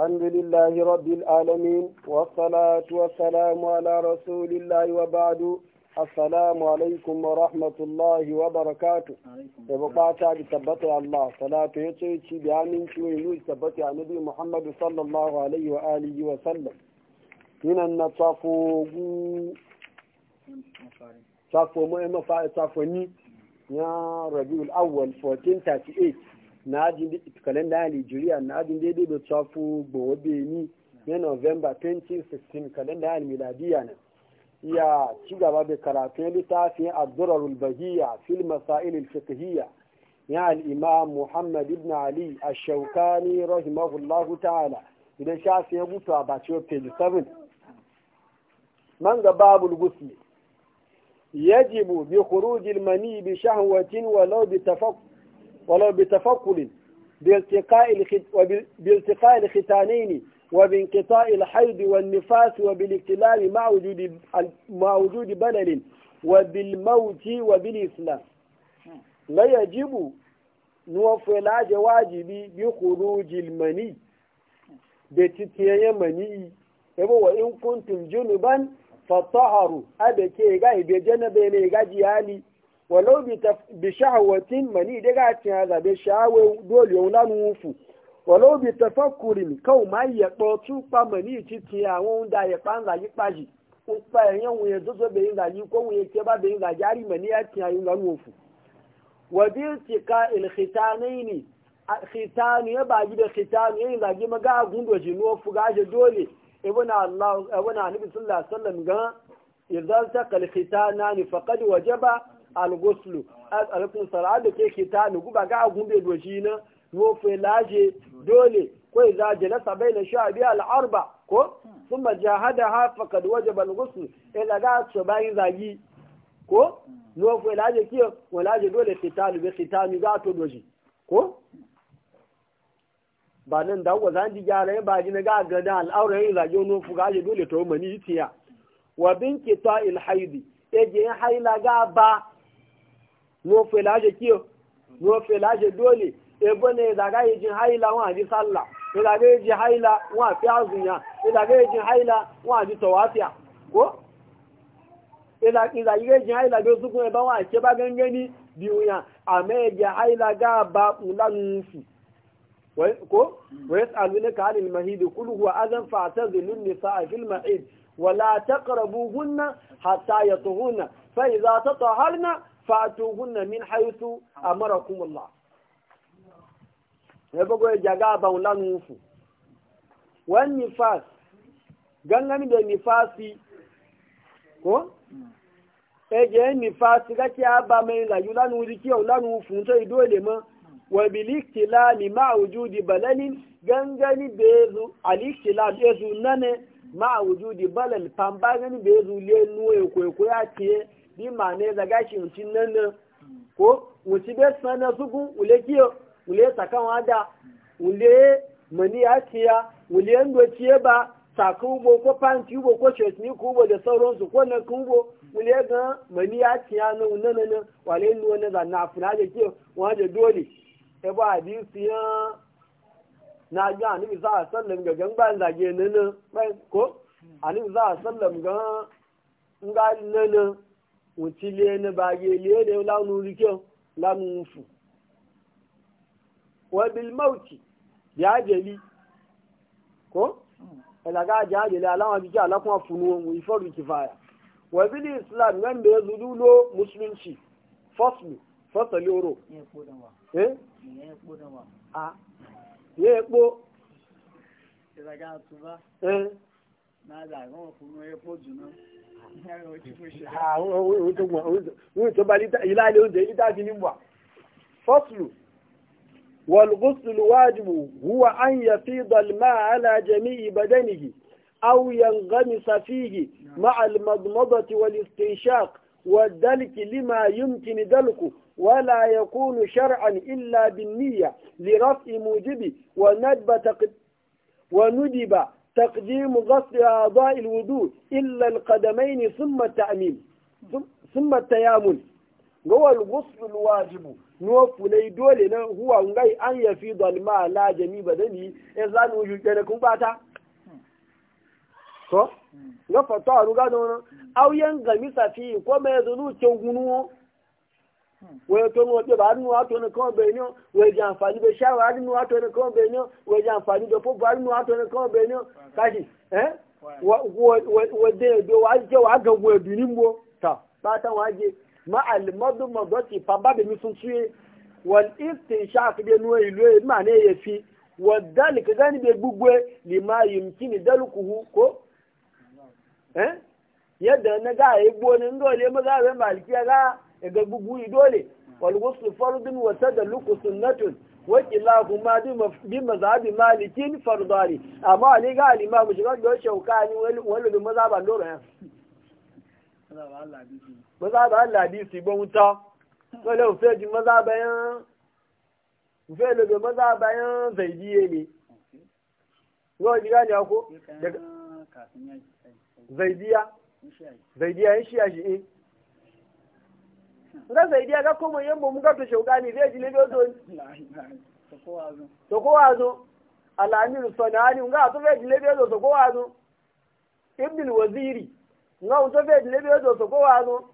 الحمد لله رب العالمين والصلاة والسلام على رسول الله وبعد السلام عليكم ورحمة الله وبركاته يبقى تعالي تبطي الله صلاة يتشي بعامين شوينوش تبطي عن نبي محمد صلى الله عليه وآله وسلم هنا نتصفو صفو مؤمة صفو ني يا ربيع الأول 1438 na ajin kalenda nigeria na ajin daidai da chafu gbowo beni na november 2016 kalenda miladiya na Ya ci gaba da karatun littafin abdurarul bahiya fil masail fiqhiyya ya al-imam muhammad ibn ali ash-shawkani rahimahullahu ta'ala idan shafi ya mutu a page 7 Manga babu babul gusli yajibu bi khurujil mani bi shahwatin walau bi tafakkuk ولو بتفكر بالتقاء بالتقاء الختانين وبانقطاع الحيض والنفاس وبالاكتلال مع وجود مع وجود بلل وبالموت وبالإسلام لا يجب نوفي العاج واجبي بخروج المني بتتيا مني yabo wa in kuntum junuban fataharu abe ke ga ibe janabe ne ga jiyali walau bi shahawatin mani daga cin azabe shahawa dole yau lanu wufu walau bi tafakurin kau ma ya kpọ tupa mani titi àwọn ohun da ya pa ń zagi paji ó pa ẹ̀yẹ́ zozo yẹn tótó bẹ̀yìn ko kó òun yẹn tiẹ́ bá bẹ̀yìn zagi ari mani ya cin ayun lanu wufu. wàbí ti ka ilhitanayi ne khitanu ya baji da khitanu yin zagi maga agun doji nuwa ga shi dole ibn e Allah ibn e Annabi sallallahu alaihi wasallam ga idan ta kal khitana ni faqad wajaba algoslu alkun da ke ke ta nugu ba ga agun bai doshi na wofe laje dole ko na sabai na sha biya al'arba ko sun ba jahada ha fakad wajaba algoslu ya daga su bayan zagi ko wofe laje kiyo laje dole ke fitalu bi fitalu ga to doshi ko ba nan da wa zan ji gyara ba baji na ga da al'aurar yin zage wani fuga ji dole ta mani tiya wa binki ta ilhaidi ya je haila ga ba wọ́n fẹ́ láṣẹ kí o dole. fẹ́ láṣẹ dóòlì ebo ne daga yi jin haila wọn aji sálà daga yi jin haila wọn àti azunya daga yi jin haila wọn àti tọwafia ko ne daga yi jin bí o sukun ẹba wọn àti ẹba gẹ́gẹ́ ní biwunya àmẹ́ ẹ̀jẹ̀ haila gáàbà ńlá nùfù ko wọ́n yẹ́ sàlùmí mahidi kúlùkù azan fàtẹ́zì lùnì sáà fílmà 8 ولا تقربوهن حتى يطهرن fatuhunna min haythu amarakum Allah ne bago e jaga ba ulan mufu wan nifas gangan da nifasi ko e je nifasi ga ti aba mai la yulan wuri ki ulan mufu to idole ma wa bil ni ma wujudi balalin gangani bezu al iktilam ezu nane ma wujudi balal pambagani bezu le nuwe ko ko ya tie bí màá ní ẹ̀dàgá ṣe ń ti nánà kó wọ́n ti bẹ́ san náà sókún wòlé kí o wòlé sàkà wọn dà wòlé mọ̀ní àtìyà wòlé ń lo tiẹ́ bá sàkà wò kó pàǹtí wò kó ṣèṣin kó wò lè sọ̀rọ̀ nsò kó nà kó wò wòlé gan mọ̀ní àtìyà náà wọ́n nánà náà wà lè nu náà fún àjẹ kí o àjẹ wòtí lé ní báyé ilé èdè lánàá oríkẹ́ lánàá òfò wọ́n mọ́ọ̀tì jáàjẹ̀lì kó ẹ̀làgá jáàjẹ̀lì aláwọn abijá alákùn àfúnú ohun ìfọ́rù kìfàyà wọ́n bí islam gẹ́ǹdẹ̀ lulú ló mùsùlùmí fọ́sùlù fọ́sọ̀lì oró yẹ́ epo فصل والغسل واجب هو أن يفيض الماء على جميع بدنه أو ينغمس فيه مع المضمضة والاستنشاق والدلك لما يمكن دلكه ولا يكون شرعا إلا بالنية لرفع موجبه وندب وندب تقديم غسل أعضاء الوضوء إلا القدمين ثم التأميم ثم التيامن هو الغسل الواجب نوف ليدول هو غي أن يفيض الماء لا جميع بدني إذا نوجد لكم باتا صح؟ ga fata ruga da wani auyen gamisa fi ko wọ́n tó ń wọ́n tó bá nínú àtọ́ nìkan bẹ̀ ní wọ́n èjì àǹfààní bẹ mo tà pátá wàá jẹ ga guguyi dole wal ghusl fardun wa tadalluqu sunnatun wa kilahuma bi mazhabi malikin fardani amma ali ga alima mu shiga da shaukani wala bi mazhaban doro ya mazhaban Allah bi si bon ta wala fe ji mazhaban fe le bi mazhaban zaidiye ne yau ji gani ako zaidiya zaidiya shi shi eh nga zaidi ya gako mai yambo muka to shaugani zai ji lebe zo to kowa zo alamin sanani nga to zai ji lebe zo to kowa zo waziri nga to zai ji lebe zo to kowa zo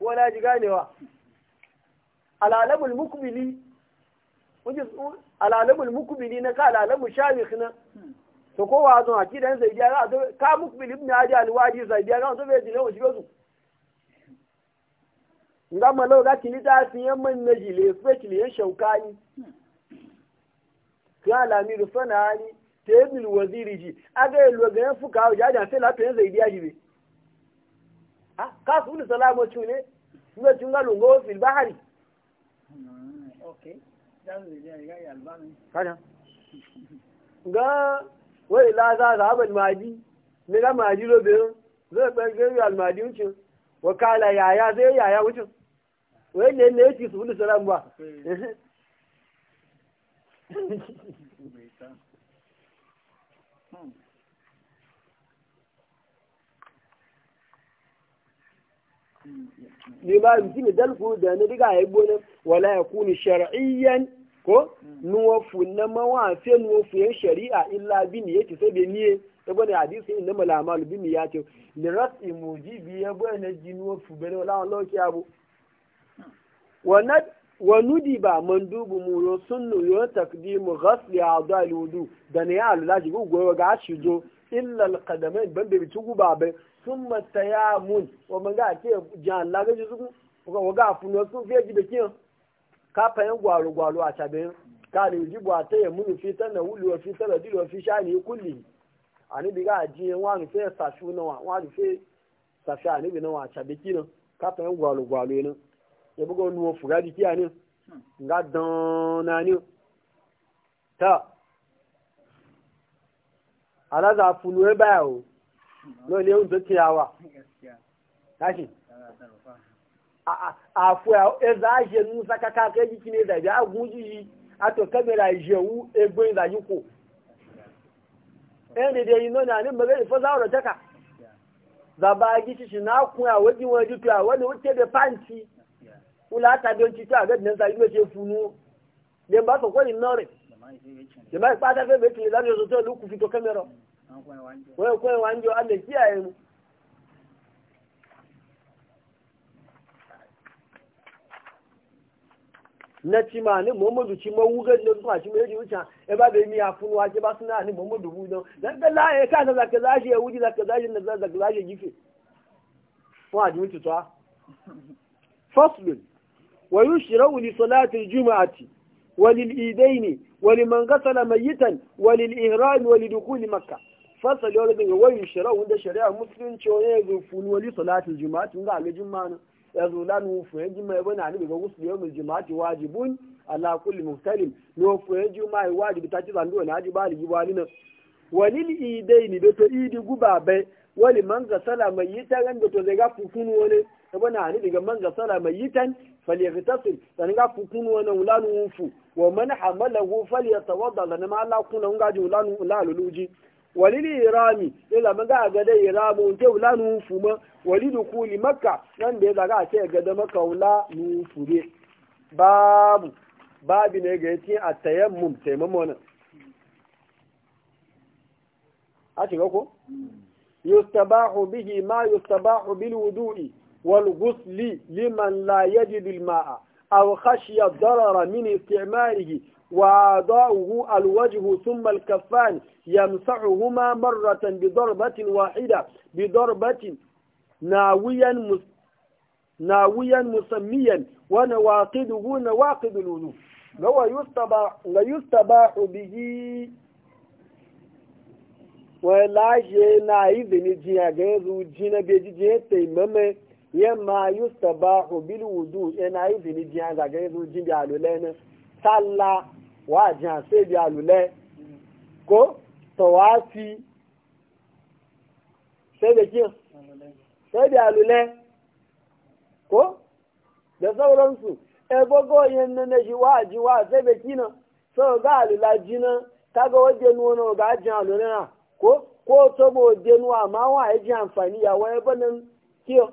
wala ji ganewa alalabul mukbili alalabul mukbili na ka alalabul shawikh na to kowa zo a kidan zai ji ka mukbili ibn hadi alwadi zai ji ga to zai ji lewo nga malo ga tili da sin yan man na jile especially yan shaukani ka lamiru sanani tebil waziri ji aga yelo ga yan fuka o jaja sai la pen zai biya jibe ha ka su ni salamo chune nga chunga lungo fil bahari okay kana ga wai la za za ban maji ne ga maji lo be zai ban ga almadi wucin wakala yaya zai yaya wucin wai ne ne yake su wani salam ba ne ba mutum da dalfu da na riga ya gona wala ya kuni shar'iyyan ko nuwafu na mawafe nuwafu yan shari'a illa bin yake sai da niye ta gwada hadisi inda malamalu bin ya ce liras imuji biya gwada na jinuwafu bane wala wani lokaci abu wa ba Mandubu dubu muro sunnu yo takdimu ghasli a'dha al-wudu da ne ya Allah shi go ga shi zo illa al-qadamain ban bi tugu babe summa tayamun wa man ga ke jan Allah ga zugu wa ga funo sun fiye ji da kiyan ka fayan gwaro gwaro a tabe ka ne ji bwa ta yamun fi tana wuli wa fi tana dilo fi shani kulli ani bi ga ji wa ni fe sasu na wa wa ni fe safi ani bi na wa tabe kinan ka fayan gwaro gwaro ne ya buga nuwa fuga jiki a ne ga na ne ta alaza funu ya baya o lọ ilé oúnjẹ tí a wà láti àfọ ẹzà àṣẹ ní sákàkà kẹjì kí ní ìdàbí àgún yìí àtọ kẹmẹrà ìṣẹwú egbó ìdàjú kò ẹnìdẹ iná ní àní mẹrẹ ìfọsà ọrọ jẹka zàbá igi ṣiṣi náà kún àwọn ìdíwọn ojú pé àwọn ni de panti. ula ta don ci ta ga nan sai me ce funu dem ba so ko ni nore dem ba pa ta fe be ti la yo to lu ku fito kamera ko ko wanjo alle kiyaye mu na ci ma ni muhammadu ci ma wugan da kuma ci ma yaji wuce e ba bai miya funu wa ba suna ni muhammadu hu don dan da la e ka ta zaka zashi ya wuji zaka zashi na zaka zashi gife wa ji wuce to faslun ويشرع لصلاة الجمعة وللإيدين ولمن غسل ميتا وللإهرام ولدخول مكة فصل يولا دنگا ويشرع عند شريعة مسلم شوية ولصلاة الجمعة من نغا الجمعة يزولان وفوين جمع يبنى عنه بغسل يوم الجمعة واجبون على كل مختلف نوفوين جمع واجب تاتيز عنده ناجب على جبالنا وللإيدين بيتو إيدي قبابي ولمن غسل ميتا عند بيتو زيغا فوفون ولي يبنى عنه بيغا من ميتا falyagtasil dan ga fukun wannan ulanu fu wa man hamalahu falyatawadda lan ma Allah kuna ga ji ulanu laluluji walili irami ila maga ga da iramu ke ulanu fu ma walidu kuli maka, nan da ga ce ga da makka ulanu fu be babu babu ne ga yace atayammum tayammum nan a shiga ko hmm. yustabahu bihi ma yustabahu bil wudu'i والغسل لمن لا يجد الماء أو خشي الضرر من استعماله وعضاؤه الوجه ثم الكفان يمسحهما مرة بضربة واحدة بضربة ناويا مس... ناويا مسميا ونواقده نواقد الوضوء لو يستباح يستباح به ولا شيء نايذ نجي أجازو جينا بيجي جيتي ممي yamma yustabahu bil wudu ina izini jiya ga ga zo jin bi wa jiya sai bi alule ko tawafi sai da kin bi alule ko da sauransu e bogo yen ne ji wa ji wa sai da kina so ga alula jina kaga wajen wono ga jiya alule na ko ko to bo jenu amma wa e ji amfani ya wa e banan kiyo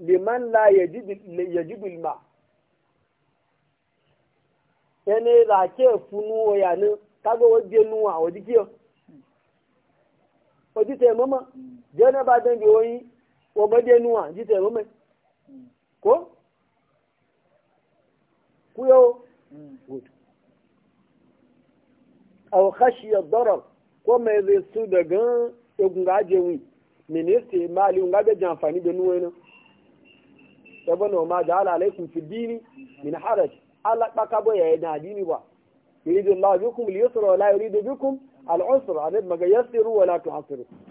liman la yajibu ilma yana rake funu ya ni kaga wajen nuwa wajen kiyo wajen taimama jana ba don biyoyi wajen nuwa ji taimama ko kuyo gudu aw khashiya darar ko mai zai su daga egunga ajewi ministi mali unga da jamfani da nuwa yana sabon ma da ala alaikum fi dini min haraj Allah baka bo yayi na dini ba yuridu Allah bikum al-yusra wa la yuridu bikum al-usra anad maga yassiru wa la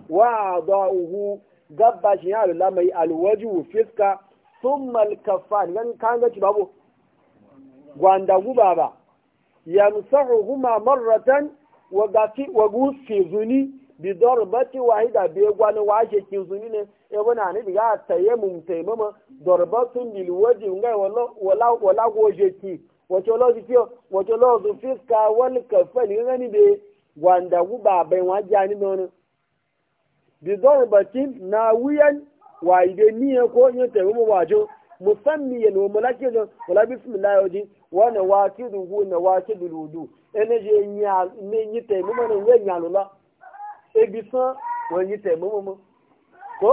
wa da'uhu gabba shi ya Allah mai alwaju fiska thumma al-kaffan nan kan ga ci gwanda guba ba yamsahu huma marratan wa gafi zuni bidor bati wahida be gwani washe ki zuni ne e bana ne diga taye mun taimama dorbatun lil waji ngai wala wala wala goje ki wato lo ji lo zu fiska wal kafani ngani be wanda guba bai wajani nono bidor na wiyan waide niye ko yin taimama wala bismillah wa na wakidu wudu ene je nya ne yi ne ebi san wọ́n yí tẹ̀ mọ́mọ́ mọ́ kó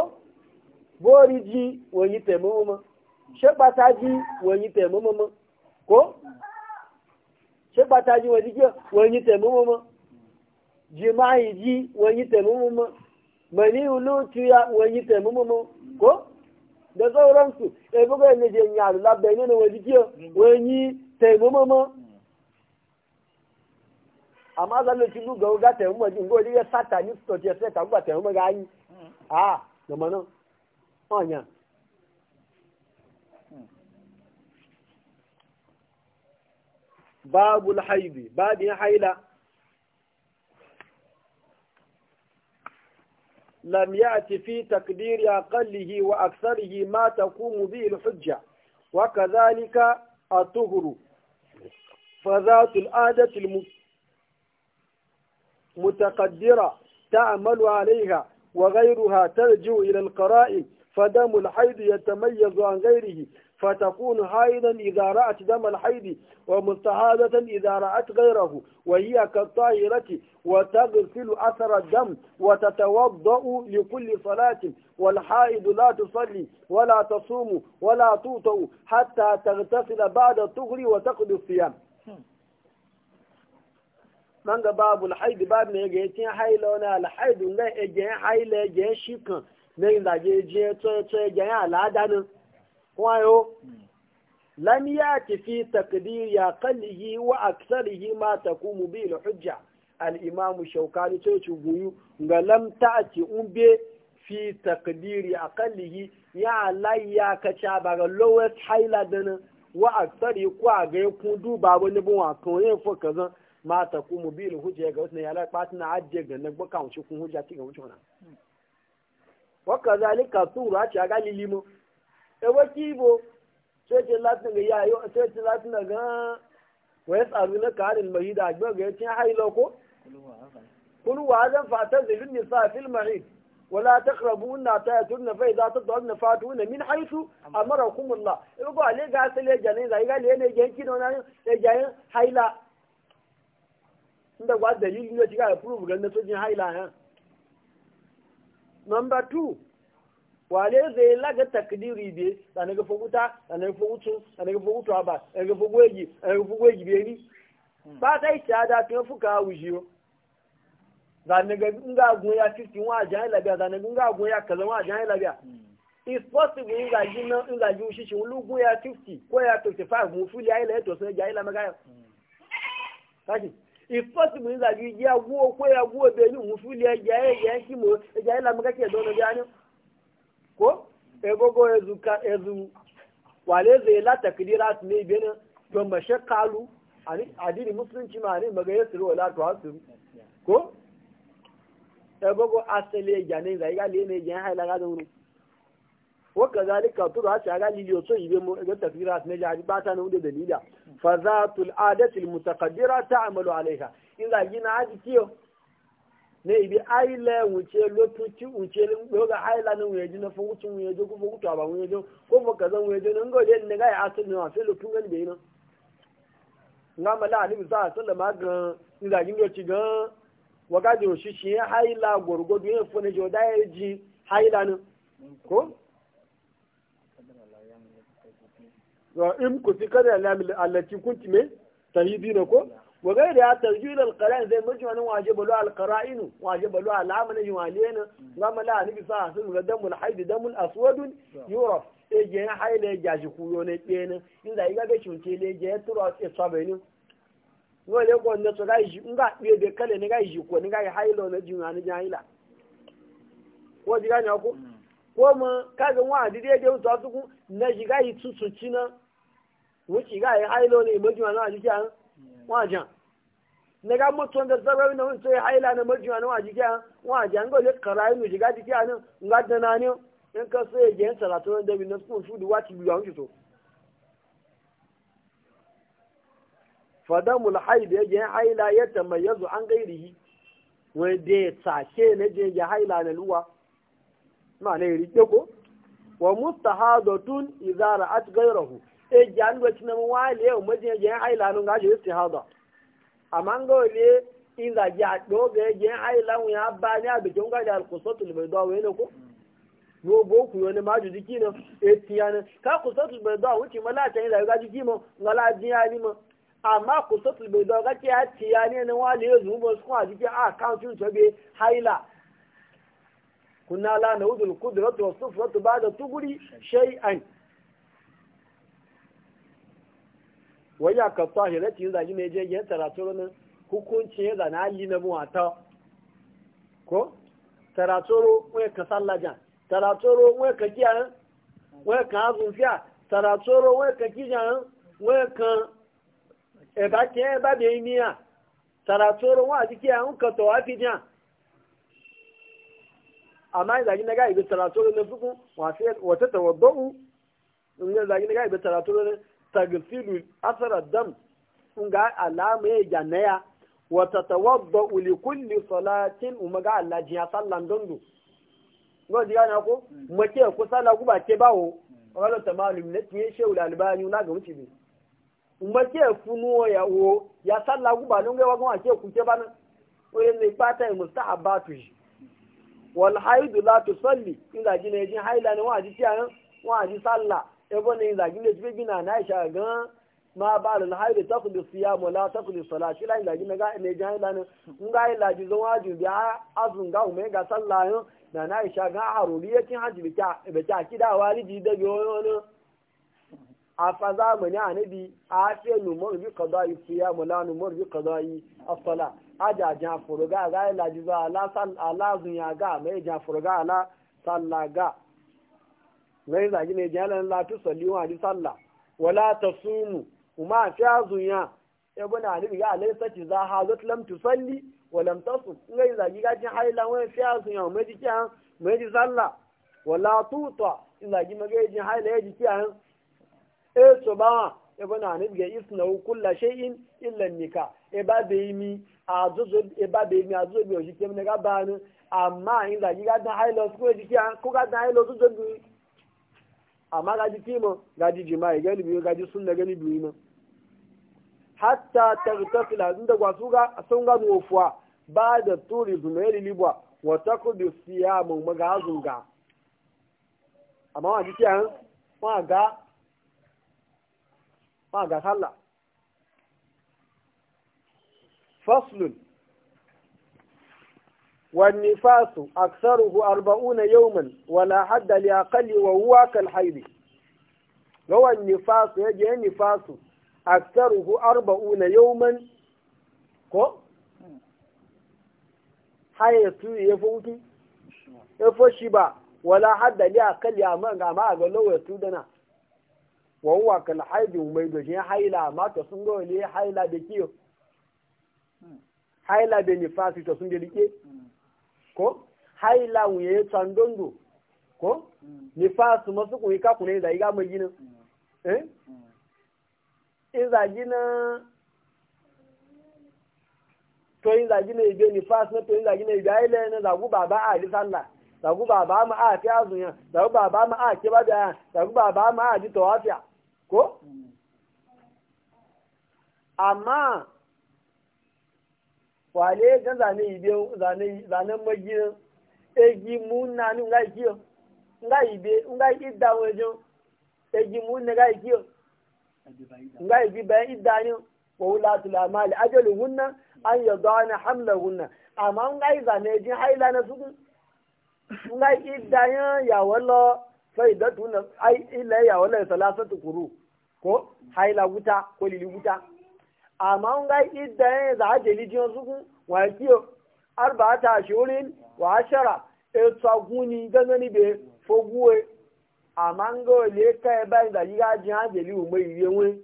bóòrí jí wọ́n yí tẹ̀ mọ́mọ́ mọ́ ṣé pátá wọ́n yí tẹ̀ mọ́mọ́ mọ́ kó ṣé pátá wọ́n yí jẹ́ wọ́n yí tẹ̀ mọ́mọ́ mọ́ jimáyì jí wọ́n yí tẹ̀ mọ́mọ́ mọ́ ya wọ́n yí tẹ̀ mọ́mọ́ mọ́ yi wani jiya tẹ̀ mọ́mọ́ mọ́ amma zalo ci luga ga ta yamma jin go diga sata ni to je sai ta ba ta yamma ga yi a da manan onya babul haidi babin haila fi يأتي في تقدير أقله وأكثره ما تقوم به الحجة وكذلك الطهر فذات العادة المكتوبة متقدرة تعمل عليها وغيرها ترجع إلى القرائن فدم الحيض يتميز عن غيره فتكون حائضا إذا رأت دم الحيض ومستحاضة إذا رأت غيره وهي كالطاهرة وتغسل أثر الدم وتتوضأ لكل صلاة والحائض لا تصلي ولا تصوم ولا توطأ حتى تغتسل بعد الطهر وتقضي الصيام manga babu alhaid babu ne ga yatin haila wani alhaid nga ejen haila e ejen shikan na yin zage je to to ejen alada nan kwayo lam ti fi taqdir ya qallihi wa aktsarihi ma takumu bi hujja al-imam shawkani to ci guyu ga lam ta ci umbe fi ya aqallihi ya layya ka ba ga lowest haila dana wa aktsari ko ga kun duba wani bin wa kan yin e fo kazan ma ta mu bil hujja ga wasu ya la ajje ga nan baka wuce kun hujja ci ga wuce wannan wa kazalika sura ci ga lilimo e wa kibo sai ce latin ga ya yo sai ce latin ga wa yasalu na kalil mahida ga ga cin hailo ko kulu wa zan fata zilin nisa fil mahid ولا تقربون min يترن e a mara فاتون من حيث أمركم الله يقول عليه قال سلي جنين قال لي أنا جاي كده جاي حيلا inda kwa dalilin da shiga da proof ganin sojin haila ya number 2 wale zai laga takdiri biye da na fukuta wuta da na gafa wutu da na gafa wutu ba da na gafa da na gafa gwegi ni ba ta yi ta da tun fuka wujiyo da na ga nga gun ya 15 wa jan labiya da na ga nga gun ya kaza wa jan labiya hmm. is possible nga ji na nga ji shi shi lugun ya 50 ko ya 35 mu fuli ya ila to sai ya ila magaya hmm. kaji ifasibu ni zaji ya guo ko ya guo be ni musuli ya ya ya kimo ya ila maka ke dono ya ni ko e gogo e zuka e zu wale ze la takdirat ne be ne to mashakalu ani adini musulunci ma ne maga yasiru wala to asiru ko e gogo asale ya ne zai ga le ne ya ila ga dono wakazalika turu ha ga liliyo so ibe mo ga takdirat ne ya ba ta ne da dalila fa za tul adatul mutaqaddira ta'malu inzagi na za gina aji kiyo ne ibi aile wuce lotuci wuce yoga aila ne wuye jina fo wuce wuye jo ko wuce ba wuye jo ko kaza gani ngama la ni bisa sallama ga in za gina waga jo shi shi ne jo da ji aila ne ko in ku fi kada lamil allati kunti me tahidina ko wa gairi ya tarjil al qara'in zai mutu wani waje balu al qara'in waje balu al amana yi walena gama la ni bisa sun ga damul haidi damul aswadun yuraf e je ya haile ya ji kuyo ne kenan inda iga ga chunke le je turo a tsaye sabani no le ko ne to ga ji nga be be kale ne ga ji ko ne ga hailo na juna ne jahila ko ji ga ne ko mm. ko mu kaga wa dide de to su na ji ga yi tsutsuci na wuce ga ya hailo ne majiwa na wajiki an wajen na ga mutum da zarar na wuce ya haila na majiwa na a an wajen ga wajen karayi ne shiga jiki an ga dana ne in ka so ya gen salatu na dabi na sukun shudu wati biyu an fito fadamul haid ya gen haila ya tamayyazu an gairihi wanda ya tashe na je ya haila na luwa ma na yi riƙe ko wa mustahadatun izara ra'at gairahu. e ji an doci na wale o majin je haila nun gaji istihada amma Ama wale in da ji a doga je haila ya ba ni a bikin gaji al-qusatul bayda ka qusatul bayda wuce mala ta ni da gaji kimo ngala jiya ni mo ga ti a tiyani ne wale yo zubo su a jiki a account yun tabe haila kunna la na'udul qudratu was sufratu wai ya ka tahirati yin zagi ne je ya taratoro nan hukunci ya zana yi na mu ata ko taratoro wai ka sallaja taratoro wai ka kiya wai ka azunfiya taratoro wai ka kija wai ka e ba ke taratoro wa dikiya un ka to afija amma zagi na ga ibi taratoro na fuku wa sai wata tawaddau in zagi na ga ibi taratoro ne تغسل asara dam nga alama ya janaya wa tatawadda li kulli salatin umaga Allah jiya sallan dondo ngo diga na ko mace ku sala ku ba ke bawo wala tamalum ne tiye shehu albani na ga mutu bi mace funuwa ya wo ya sallah ku ba lunga wa ake ku ke ba nan ko ne fata mustahabatu wal haidu la tusalli inda jina jin haila ne wa ji tiyan wa ji sallah ابن إذا قلنا تبقينا نعيشا na ما بعد الحيض تقضي الصيام ولا تقضي na شلا إذا قلنا قا نجان لنا نقا إلا جزوا جزيا أصلا قا ومين قا صلى na na'isha gan haruriya kin haji bata kida a fa zamani anabi a ce numar bi qada'i siya mala numar bi qada'i as-sala aja jan furuga ga la jiza ala sal ala zunya ga mai jan ala sallaga ngai zagi ne jalan la tu salli wa ni salla wala tasumu kuma ta zunya ibn ali ya e alaysa ti za ha zat lam tusalli wa lam tasum ngai zagi ga jin haila wa ta zunya mai ji kan mai ji salla wala tuta zagi magai jin haila ya ji kiyan e so ba ibn e ali ga isna kullu shay'in illa nika e ba be mi azozo e ba be mi azozo bi o ji kem ne ga ba ni amma in zagi ga dan haila ko ji kan ko ga dan haila zo zo amma gaji kima gaji jima'i gani biyu gaji sunna gani biyu ma hatta tartasila inda gwasu ga sun gano ofuwa ba da turi zumairi libwa wata kudu siya mun maga ga amma wa jiki an wa ga wa ga sallah faslun والنفاس أكثره أربعون يوما ولا حد لأقل وهو كالحيض هو النفاس يجي النفاس أكثره أربعون يوما كو حيث يفوتي يفوشي با ولا حد لأقل أما أما أقلوا يسودنا وهو كالحيض وميدوشين حيلا ما تصنعوا ليه حيلا بكيو حيلا بنفاس تصنعوا ليه ko haila wuye tsandondo ko mm. nifasu masu kuyi kakune da iga mai ginin mm. eh mm. iza gina to yin zagi na ibe ni fas na to yin zagi na ibe ayi lẹ́yìn na zagu baba a di sallah zagu baba ma a fi azun yan zagu baba ma a keba da yan zagu baba ma a di tawafiya ko amma wale ga zane ibe zane zane magi egi munna ni ngai kiyo ngai ibe ngai idda wejo egi munna ngai kiyo ngai ibe ba idda ni wa ulatul amali ajaluhunna an yadana hamlahunna amma ngai zane ji haila na su ngai idda ya ya wala faidatuna ai ila ya wala salasatu kuru ko haila wuta ko lili wuta amma in ga idda ya za a jeli jiyan suku wa kiyo arba ta ashirin wa ashara e tsaguni gangani be foguwe amma in ga wale ka e bayan da yiga jiyan jeli umar yiye wani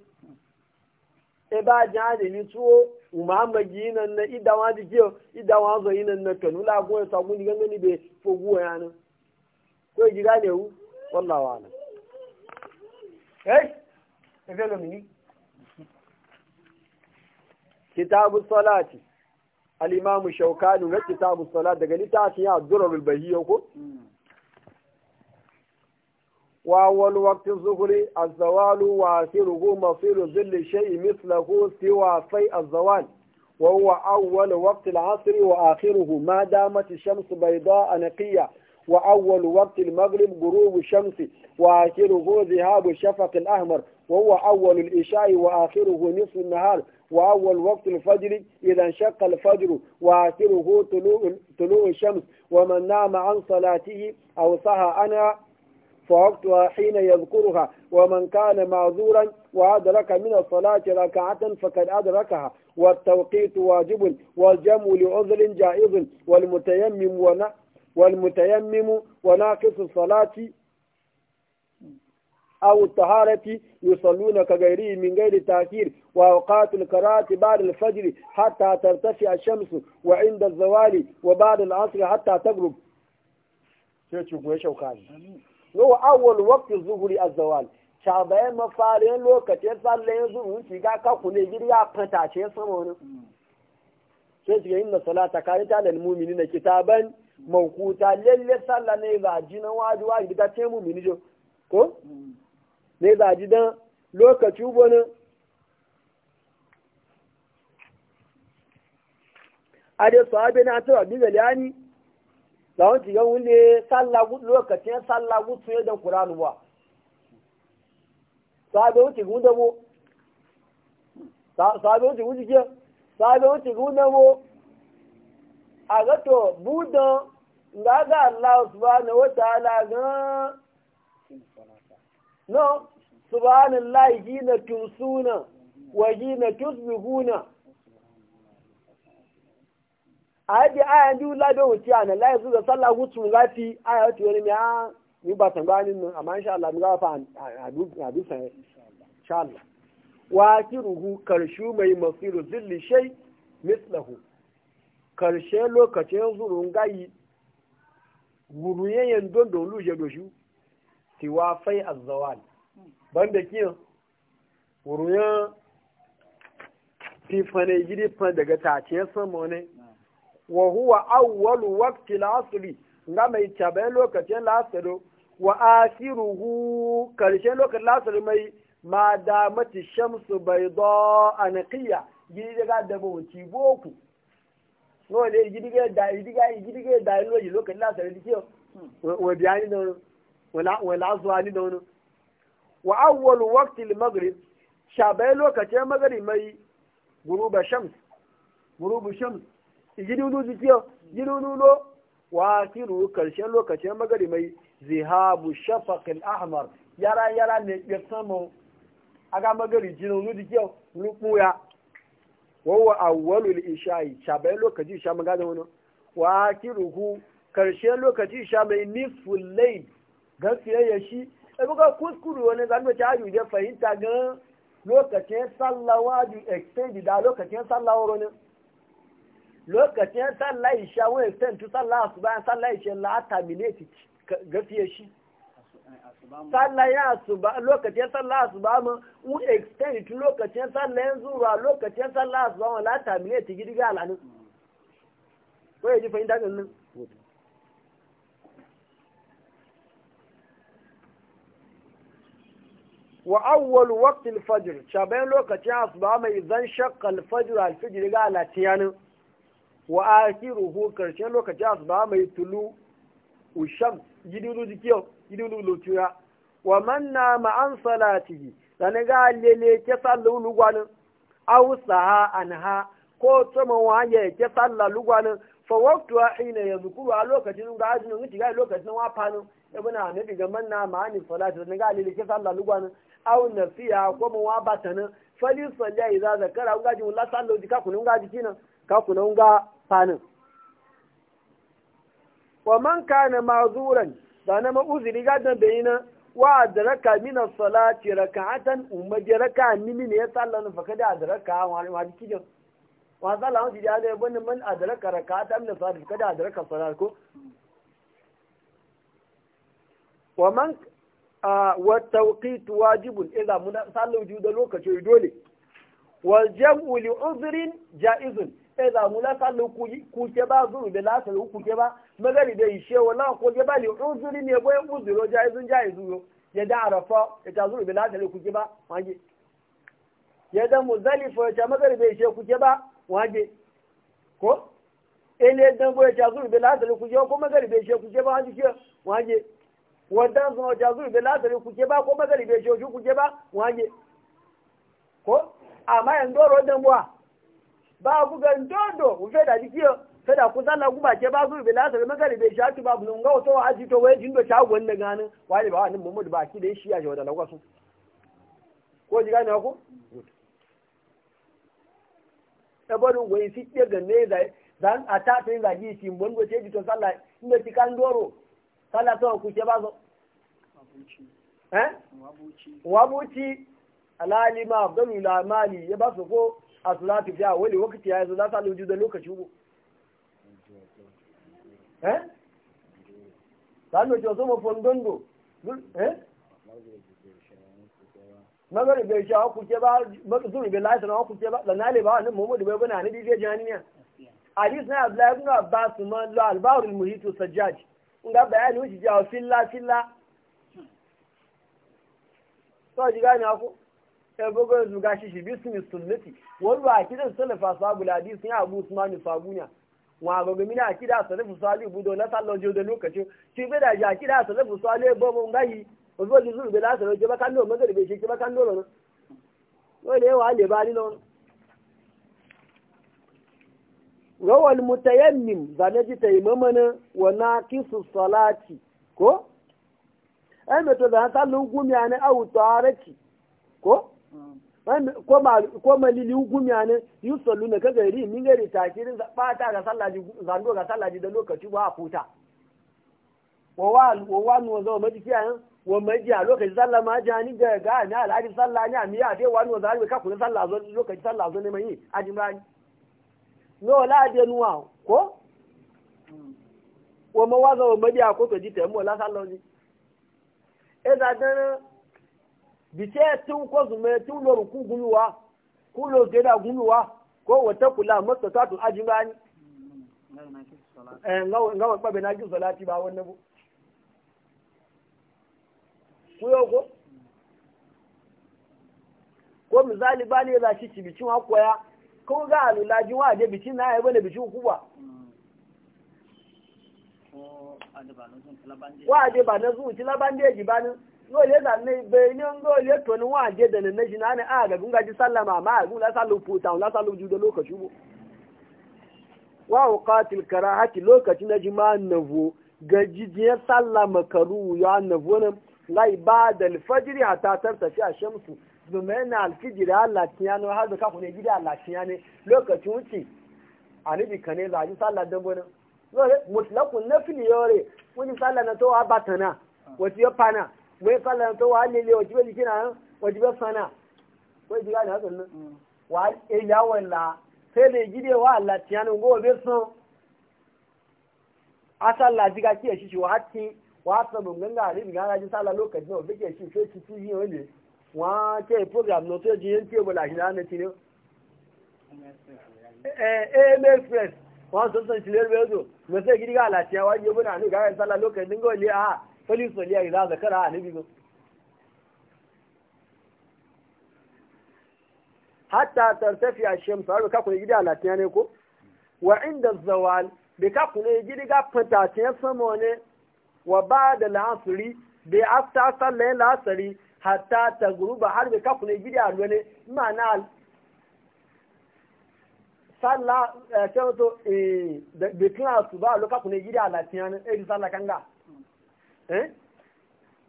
e ba jiyan jeli tuwo umar magi nan na idda wa ji kiyo idda wa zo yi nan na kanu lagun e tsaguni gangani be foguwe ya ko yi gane wu wallawa na. Hey, ẹ e fẹ́ lómi kitabu salati al-imamu shaukani ga kitabu salat daga littafin ya durarul bahiyya ko wa wal waqti zuhri az-zawalu wa asiruhu masiru dhilli shay'in mithluhu siwa fai az-zawal wa huwa awwal waqti al-'asr wa akhiruhu ma damat ash-shamsu bayda'a naqiyya wa awwal waqti al-maghrib ghurub ash-shamsi wa akhiruhu dhihabu ash-shafaq al-ahmar wa huwa awwal al-isha'i wa akhiruhu nisfu nahar وأول وقت الفجر إذا انشق الفجر وآخره طلوع, طلوع الشمس ومن نام عن صلاته أو صحى عنها فوقتها حين يذكرها ومن كان معذورا وأدرك من الصلاة ركعة فقد أدركها والتوقيت واجب والجمع لعذر جائز والمتيمم ونا والمتيمم وناقص الصلاة أو الطهارة يصلون كغيره من غير تأخير وأوقات القراءة بعد الفجر حتى ترتفع الشمس وعند الزوال وبعد العصر حتى تغرب هو أول وقت الظهر الزوال shabayen mafarin lokacin tsalle ya zuru shiga kaku ne girya ce sama wani sai shiga yin da salata kare ta da mumini na kitaban maukuta lalle sallah ne ba jinan wajiwa gida ce jo ko ne za ji dan lokaci wani a da sahabi na ta rabi galiyani da wani cikin wule lokacin sallah gutu ya dan kuranu ba sahabi wuce guda mu sahabi wuce guda ke sahabi wuce guda mu a gato budan ga ga Allah subhanahu wa ta'ala ga no subhanallahi gina tusuna wa gina tusbihuna aji aya ndi ula be wuce a la yesu da sallah hutu gafi aya wuti wani ya ah, ni ba tangani nan amma insha Allah mu ga fa a adu sai insha Allah wa kiruhu karshu mai masiru zilli shay mislahu karshe lokacin zurun gayi guruyen yandon da luje doshu tiwa fai azzawal banda kiyan wuruyan fifane gidi fan daga tace sama ne wa huwa awwalu waqti al-asri nga mai tabe lokacin lasaro wa akhiruhu karshen lokacin lasaro mai ma da damati shamsu bayda anqiya gidi daga da ci boku no le gidi ga da gidi ga gidi ga da lokacin lasaro dikiyo hmm. wa biyani don wala wala zuwa ni don wa awwal waqti al-maghrib shabai lokacin maghrib mai guruba shams gurubu shams igidi ulu jikiyo gidi ulu wa kiru karshen lokacin maghrib mai zihabu shafaq al-ahmar yara yara ne ya samu aga maghrib jinu ulu jikiyo lukuya wa huwa al isha'i shabai lokacin sha magadan wani wa kiruhu karshen lokacin sha mai nisful layl gaskiya ya shi ebuka kuskuru wani zanuwa ci ayu je fahimta gan lokacin sallawa ju extend da lokacin sallawa wani lokacin sallah isha wani extend tu sallah asuba bayan sallah isha la terminate gafiye shi sallah ya asuba lokacin sallah asuba mu u extend tu lokacin sallah yanzu zuwa lokacin sallah asuba wani la terminate gidiga alanin ko ya fahimta gan nan wa awwal waqt al-fajr shaban lokacin asuba mai zan shaqqa al-fajr al-fajr ga latiyanin wa akhiruhu karshen lokacin asuba mai tulu usham jidulu dikiyo jidulu lutura wa man nama an salatihi dan ga lele ke sallu lugwan aw saha anha ko tsoma waye ke sallu lugwanin fa waqtu hina yadhkuru a lokacin ga ajin ga lokacin wa fanin ibn hanifi ga manna ma'ani salati da ga alili ke sallah lugwan na nasiya ko mu wa batana fali salla idza zakara ga ji wala sallo ji ka kun ga ji kina ka kun ga fanin wa man kana ma'zuran da na ma'uzuri ga dan bayina wa adraka min as-salati rak'atan umma jaraka min ne ya sallan fa kada adraka wa wa ji kina wa sallan ji da ibn man adraka rak'atan min as-salati kada adraka salat ko wa man wa tawqit wajibun idza mun sallu ju da lokaci dole wal jam'u li udhrin jaizun idza mun sallu ku ke ba zuru da la sallu ku ke ba magari da ishe wala ko ke ba li udhrin ne boye udhro jaizun jaizu yo ya da arafa ya ta zuru da la sallu ku ke ba waje ya da muzdalifa ya ta magari da ishe ku ke ba waje ko ele dan boye ta zuru da la sallu ku ke ko magari da ishe ku ke ba waje wadda sun wajen zuri bai lasari kuke ba ko magari bai shoshi kuke ba wanye ko amma yan doro wadda buwa ba ku ga dodo wufe da jiki da ku na ku ke ba su bai lasari magari bai shatu ba bunun wato to jito wai waye jindo shagon da ganin wani ba wani muhammadu ba ki da ya shiya shi wadda lagwasu ko ji gane ku tabarin wai fi ɗaga ne zan a tafiyin zagi shi mun gwace jito sallah inda kan doro kala kawai kuke ba zo wabuci eh? alalima abdullu lamali ya ba su ko a salatu ja wani wakati ya zo za su aluju da lokaci ko eh sanu wasu zo mo fondondo eh magari bai sha ku ke ba zuri bai lafi na ku ke ba da nale ba nan muhammadu bai bana ni dije jani ne hadis na abdullahi ibn abbas ma la al-bahr al-muhit sajjaj nga bayani wuce jawo filla filla so ji gane ku ebogo yanzu ga shi shi bismi sunnati wani wa kidan salafa sabu ladi sun yi abu usmanu sabunya wa gogo mina akida salafu salihu budo na sallo je da lokaci ki be da ji akida salafu salihu e bo mun gayi ozo ji zuru be la sallo je ba kan do magarbe shi ki ba kan do lo no le wa le ba ni lo rawal mutayammim zane ji yi na wa na kisu salati ko ai mai to zane sallin gumiya ne ko ko malili ne yi min gari fata ga sallaji zando ga sallaji da lokaci ba a futa wa wa nuwa zama maji kiyayen wa maji a lokaci sallah ma jani ga ga ni alhaji sallah ni a miya a dai wa nuwa zama ka kuna zo lokaci sallah zo ne mai yi no la de nuwa ko wo mo wa zo mo di akoto di te mo la sa lo ni e da dan bi te tun ko zu me tun lo ru ku guluwa ku lo ge da guluwa ko wata kula to ta tun ajibani eh ngawo ngawo pa be na ju salati ba wannan bu ku yo ko ko misali ba ne da shi ci bicin akwaya. ko ga alula ji wa je bici na yayi bane bici kuwa wa je ba na zu ci labande ji ba ni yo le da ne be ni ngo to ni wa je da ne na ji na ne a ga gunga ji sallama ma gun la sallu puta la sallu ju da lokaci bu wa kara karahati lokaci na ji ma navo gajijiyar sallama karu ya navo nan la ibadal fajri hatta tartafi a shamsu domin na alfijira Allah tiya ne har da kafu ne gida Allah ne lokacin wuce anibi kane za a ji sallah dan bonin mutlakun na fili yore wani sallah na towa batana wasu ya fana wani sallah na towa halile wasu bai likina nan wasu bai fana wani jiga da hakan nan wa ila wala sai da gide wa Allah ne gowa bai son asalla jiga kiyar shi wa hakki wa asa bungan ga anibi ga ji sallah lokacin da wa bai kiyar shi sai ci ci yi wani wọ́n tẹ́ program lọ tó jí ń tí bọ̀lá làṣìlá ní ti ní mfs wọ́n tó sọ ìṣìlẹ̀ rẹ̀ ọdọ̀ mẹ́sẹ̀ gidi ká àlàtí àwọn yóò bọ́nà lókè ní pẹ́lú ka gidi ne ko wa inda zawal gidi ne wa ba da la'asri bi afta sallah hatta ta guruba har bai kafu gidi a wani ma'ana salla kyoto da kina su ba a lo ne gidi a lafiya nan eri salla kanga eh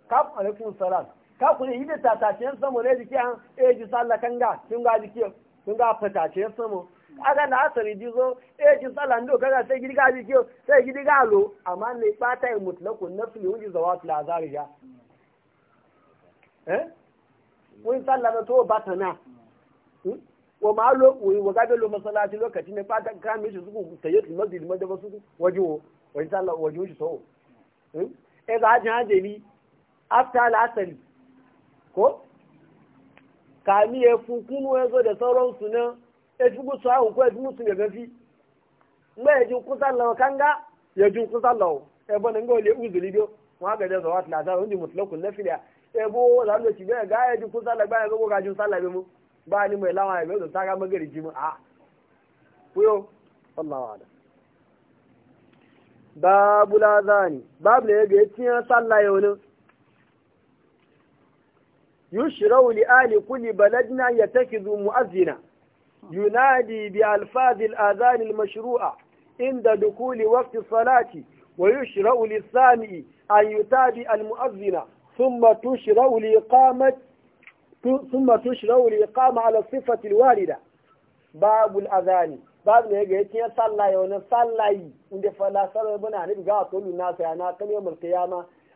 kafu alaikun salam kafu ne gidi tataciyar samu ne jiki an eri salla kanga sun ga jiki sun ga fataciyar samu aga na asali jizo eri salla ndo kaga sai gidi ga jiki sai gidi ga lo amma ne bata yi mutlakun nafsi ne wuji zawatul azariya wọ́n sálà lọ tó bá tàn náà hmm? wọ́n máa lọ òye wọ́n gábẹ́ lọ mọ́sálásí lọ́kàtí ní pátá káàmì oṣù sùkú tẹ̀yẹ́ tì lọ́dì ìlú mọ́jọ́ sùkú wọ́jú wo wọ́n sálà wọ́jú oṣù sọ́wọ́ ẹ bá jẹ́ àjẹ́ ní after lásẹ̀lì ko kàmí ẹ fún kúnú ẹ sọ dẹ̀ sọ́rọ́ oṣù náà ẹ fi kú sọ àwọn kó ẹ fi mú sùn gẹ̀gẹ́ fi mẹ́ ẹ ju kú sálà ọ̀ káńgá yẹ ju kú sálà ọ̀ ẹ bọ́ ebo za mu ci bai ga ya ji kun sallah ba ya ga ga jin sallah mu ba ni mai lawa ya ga magari ji mu Allahu ala babu babu ga yushrau li ali kulli baladna muazzina ينادي بألفاظ الآذان المشروعة عند دخول وقت الصلاة ويشرع للسامع أن يتابع المؤذن ثم تشرع الإقامة ثم تشرع الإقامة على الصفة الواردة باب الأذان باب ne ga yake sallah yau na sallayi inda falasar bana ne ga to luna sai ana kan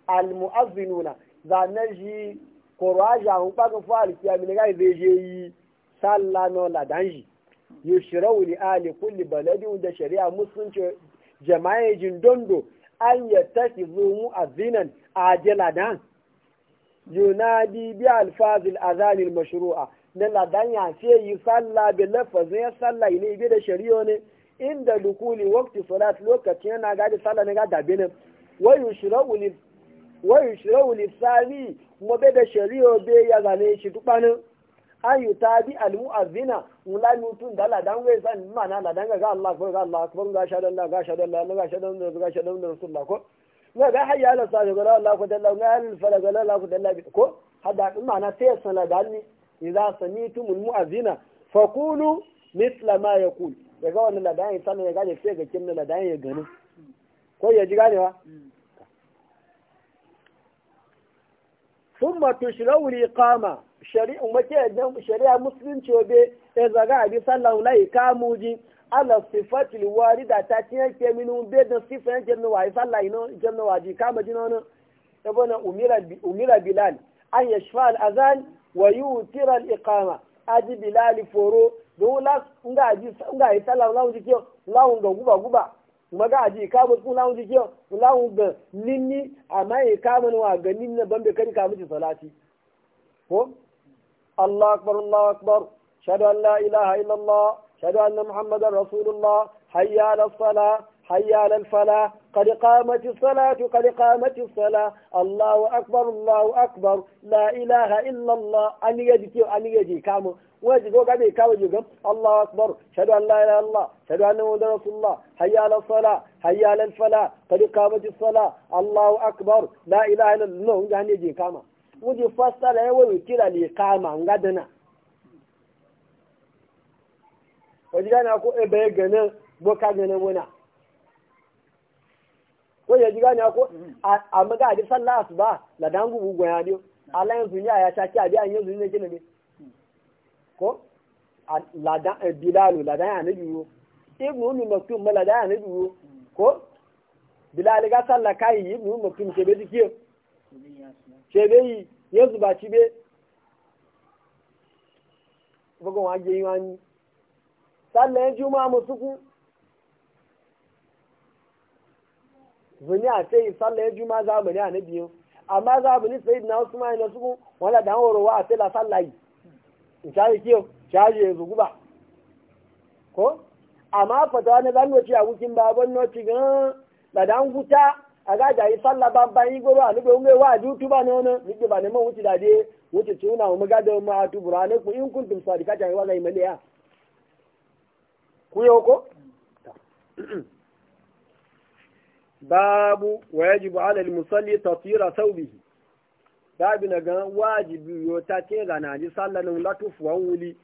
al muazzinuna zanan ji koraja hu ba ga fa'al kiyami ne ga zai je yi sallah no la danji yushrau ali kulli baladin da shari'a musulunci jama'a jin dondo an yattakizu mu azinan ajala dan yunadi bi alfazil azanil mashru'a na ladan ya ce yi salla bi lafazin ya salla ne bi da shari'o ne inda dukuli waqti salat lokacin yana gadi salla ne ga dabe ne wayu shira'u sami da be ya zane shi dubanin an ta bi almu'azzina mulani tun da ladan wai san mana ladan ga Allah nga ga hayya ala sa ga Allah ku dalla nga al fala ga Allah ku dalla ko hada ma'ana sai sana dalni idza samitu al mu'azina qulu mithla ma yaqul ga wannan ladan ya sanin ya gaje sai ga kinna ladan ya gani ko ya ji ganewa ثم تشرع الإقامة شريعة شريعة مسلم شوبي إذا قاعد abi ولا يكامو جي ala wari da ta ci yanke minu be da sifa yanke na wa sallah ino janna wa ji kama jina e na yabona umira umira bilal an yashfa al azan wa yutira al iqama aji bilal foro don la nga aji nga yi la lawo ji kiyo lawo ga guba guba ga aji kama su lawo ji kiyo lawo ga ninni amma yi kama wa ga ninni ban be kari kama ji salati ko Allah akbar Allah akbar shahadu an la ilaha illallah أشهد أن محمد رسول الله حي على الصلاة حي على الفلاح قد قامت الصلاة قد قامت الصلاة الله أكبر الله أكبر لا إله إلا الله أن يجي أن يجي كامو waje ko gabe Allahu akbar shahadu an la ilaha illallah shahadu anna muhammadar rasulullah hayya ala sala hayya ala fala qad qamatis sala Allahu akbar la ilaha illallah ngani je kama muje fasta la kira li kama ngadana wajen gane ko ebe ya ganin boka ganin muna wajen ji gane ko a maga adi sallah su ba la dan gugu gwaya ne alayin duniya ya sha ki abi an yanzu ne gina ne ko ladan e, bilalu ladan ya nabi yo ibnu ummi maktum ma ladan ya nabi yo ko bilal ga sallah kai ibnu ummi maktum ke be dike ke be yanzu ba ci be bugun waje yi wani sallah ya juma mu suku zuni a sai sallah ya juma ne a na biyu amma zamani sai na usman na suku wala da horowa a sai la sallah yi in shaje kiyo shaje ya zugu ba ko amma fata wani zan noci a wukin babon noci gan da dan guta a gaja yi sallah babban yi goro a nube unge wa utu ba nono nike ba neman wuce da dai wuce tuna mu gada mu a tubura ne ku in kuntum sadika ta yi wa zai maliya ku babu wa yajibu ala al-musalli tatira thawbihi babu na gan wajibi yo ta ce ga na ji sallanin latuf wa wuli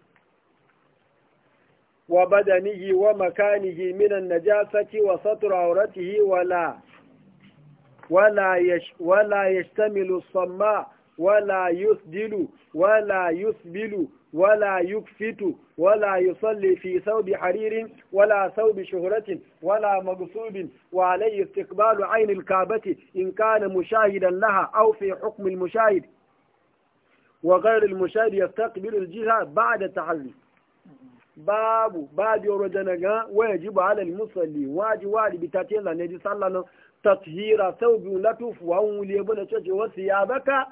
wa badanihi wa makanihi min an-najasati wa satru awratihi wala wala yash wala yashtamilu samma wala yusdilu wala yusbilu ولا يكفت ولا يصلي في ثوب حرير ولا ثوب شهرة ولا مغصوب وعليه استقبال عين الكعبة إن كان مشاهدا لها أو في حكم المشاهد وغير المشاهد يستقبل الجهة بعد التحري babu babu yoro janaga waya ji ba alal musalli waji wali bitate la ne ji sallana tathira saubi la tufu wa wuli bana cewa wasu ya baka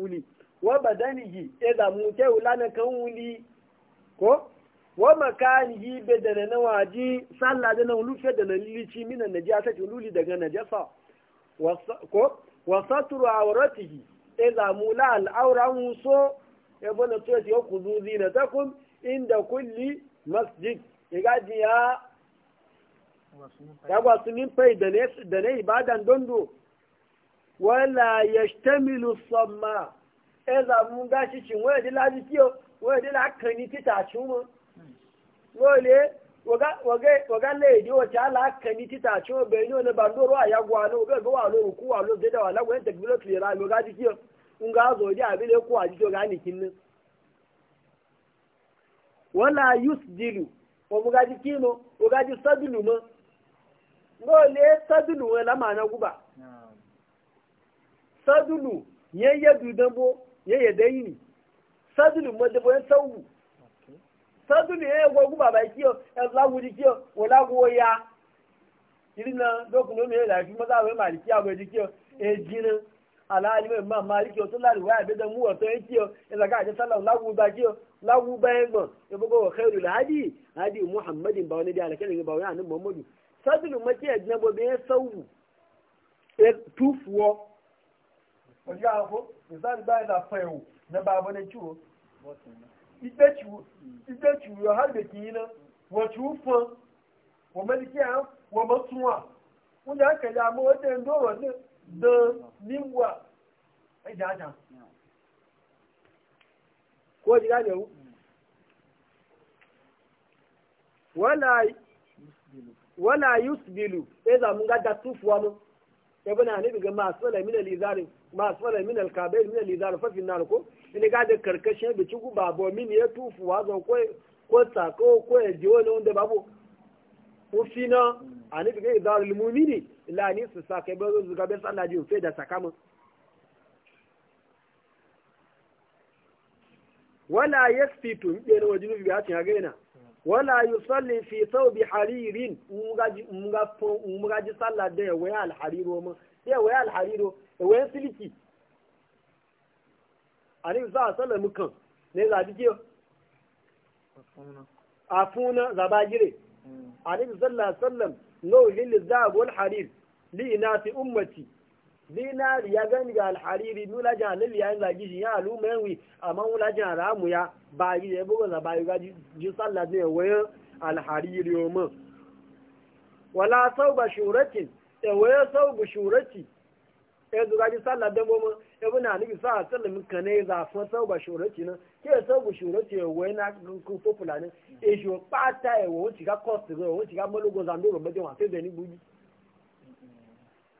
wuli wa badanihi e da mu ke ulana kan wuli ko wa makanihi be da na waji sallah da na ulufe da na lilici minan najasa ti ululi daga najasa ko wa satru awratihi e da mu la al awran so e bona to ti ku zuzina inda kulli masjid e gaji ya ya da dondo wala ẹ̀zà mú bá ṣíṣì wọ́n èdè láti tí ó wọ́n èdè lákàn ní títà túnmọ́ wọ́n lè wọ́gá lè èdè ọ̀tí alákàn ní títà tún obìnrin ní lóró àná wà lóru wà lóru dédé láwọn ẹ̀ńtẹ̀ ra tí ó ń ga ọ̀zọ̀ òdí àbílẹ̀ wọ́n dìlù ọmọgájí kí mọ́ ya yadda yi ni sadulu madabu e ya saugu sadulu ya yagwa guba bai kiyo ya lagu ji kiyo wa lagu ya iri na dokun nomi ya lafi maza wai maliki ya di ji kiyo ya ala alhali mai ma maliki o tun lari waya bai da muwa to ya e kiyo ya e zaka aje sallah lagu ba kiyo lagu ba ya gbọn ya bugo wa khairu da hadi hadi muhammadin ba wani da alkalin ba wani annabi muhammadu sadulu mace ya jinabo bai ya saugu ya tufuwa wani afọ misali bayan na fayo na baba na ciwo ita ciwo har da ki na wacce ufan wa maliki a wa matuwa wanda aka yi amma wata yin doro ne da ningwa a jaja ko ji gane wu wala yusbilu sai zamun gada tufuwa mu ibn hanibi ga ma fala min al-izari masu fala min al-kabir min al-izari fa finnar ko ina ga da karkashin bi ci guba bo min ya tufu wa zan ko ko tsako ko ya ji wani wanda babu ufina hanibi ga izarul mu'mini la ni su sa kai ba zu ga bai sallah ji fe da sakama wala yakfi tun yana wajinu bi ya tin ga yana wala yusalli fi thawbi haririn mugaji mugafo mugaji sallah da waya alhariro ma ya waya alhariro waya siliki ani za sallah mukan ne za dike afuna zabajire ani sallallahu sallam no lil zab wal harir li fi ummati zinari ya gani ga alhariri nula jan halil ya yin zagi shi ya aluma yanwi amma nula jan ramu ya ba yi da ya bugun da bayu ga ji sallah ne wayan alhariri yomin wala sau ba shuratin e wayan sau ba shurati e zuga ji sallah don goma e buna nufi sa sallamin ka ne zafin sau ba shurati na ke sau ba shurati e wayan na kun popular ne e shi e e wa ɓata e wawan shiga kosti zai wawan shiga malogo zambe babbajen wasu da ni bugi.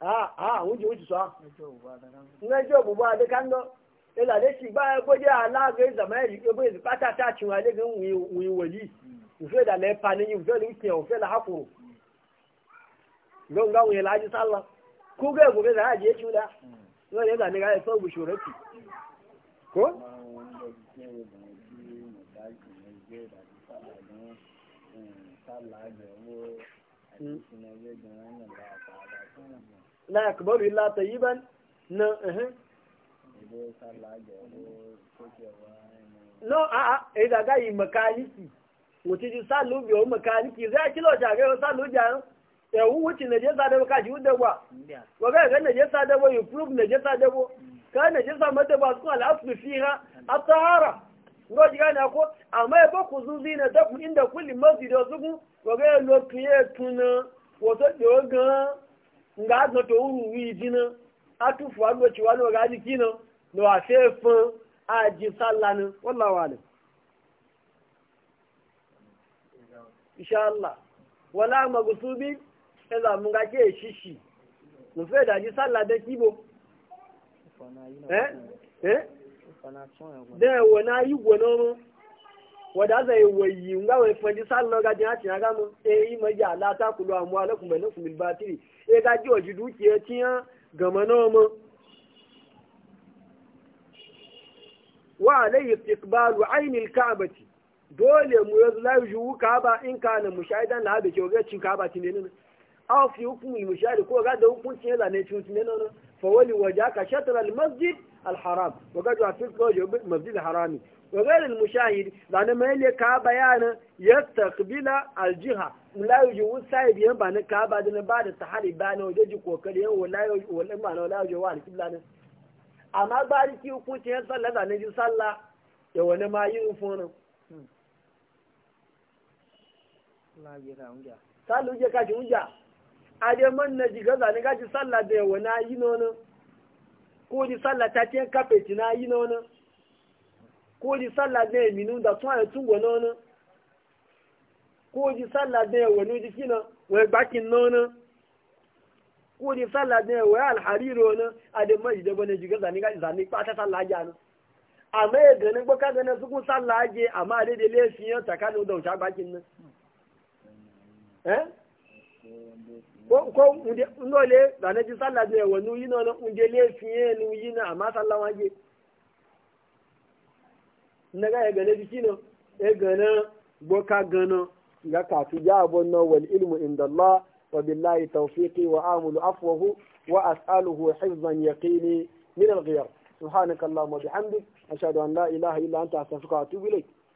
ah ah wuji wuji so ngejo bubu ade kando ila de ti ba ko je ala ge zama yi ko be pata ta ti wa de gan ni u fe ni ti o fe la hakuru gonga wi la ji salla ku ge go ge da ko la yakbalu illa tayyiban na eh no a a e daga yi makaniki wuti ji salu bi o makaniki zai kilo ja ga salu ja e wu wuti ne je sadabo ka ji wuda wa wa ga na ne je sadabo you prove ne je sadabo ka na je sadabo ba su al aslu fiha at-tahara ngo ji gane ko amma e ba ku zuzi na da inda kulli masjid wa zugu wa ga lo tuye tuna wato dogan nga azɔ to wu wi di na atufu alo tsi wa no ga di ki na no a se fun a di sala na wala wa ne inshallah wala magusubi eza mun ga ke shishi no fe da di sala de kibo eh eh de wona yi wona mo wada zai wayi nga wai fadi sala ga di a ti aga mo e yi maji ala ta kulu amu amwa lakum bainakum bil batiri. sai ga ji waje dukiya tiya ga manoma wa alayhi istiqbalu aynil dole mu yanzu la yuju ka'ba in kana mushahidan la da kyoga cin ka'ba tin ne aw fi hukmi ko ga da hukunci ne cin tin ne fa wali wajaka shatr al masjid al haram wa ga fi masjid al harami وغير المشاهد لأن ما يلي كعبة يستقبل الجهة ولا يجوز سايب ينبع نكعبة دين بعد التحالي بانا وجوجي كوكري ولا يجوز ولا ولا يجوز amma ba da ki hukunci yan sallah zane ji sallah da wani ma yi sallu je kashi hujja a je man na jiga zane kashi salla da wani yi nono ko ji salla ta ce kafe na yi nono ko ji sallah da minu da tun ayo tun gona na ko ji sallah da wani jiki na wai bakin nona ko ji sallah da wai alhariro na a da mai da bane jiga zani ga zani ba ta sallah ja na amma je amma da da lefi ya tsakanin da wuta ko yi na waje naga ya gane jiki na ya gane boka gana ga kafi ya abun wal ilmu inda Allah wa billahi tawfiqi wa amulu afwahu wa as'aluhu hifzan yaqini min al-ghiyar subhanakallahumma bihamdik ashhadu an la ilaha illa anta astaghfiruka wa atubu ilayk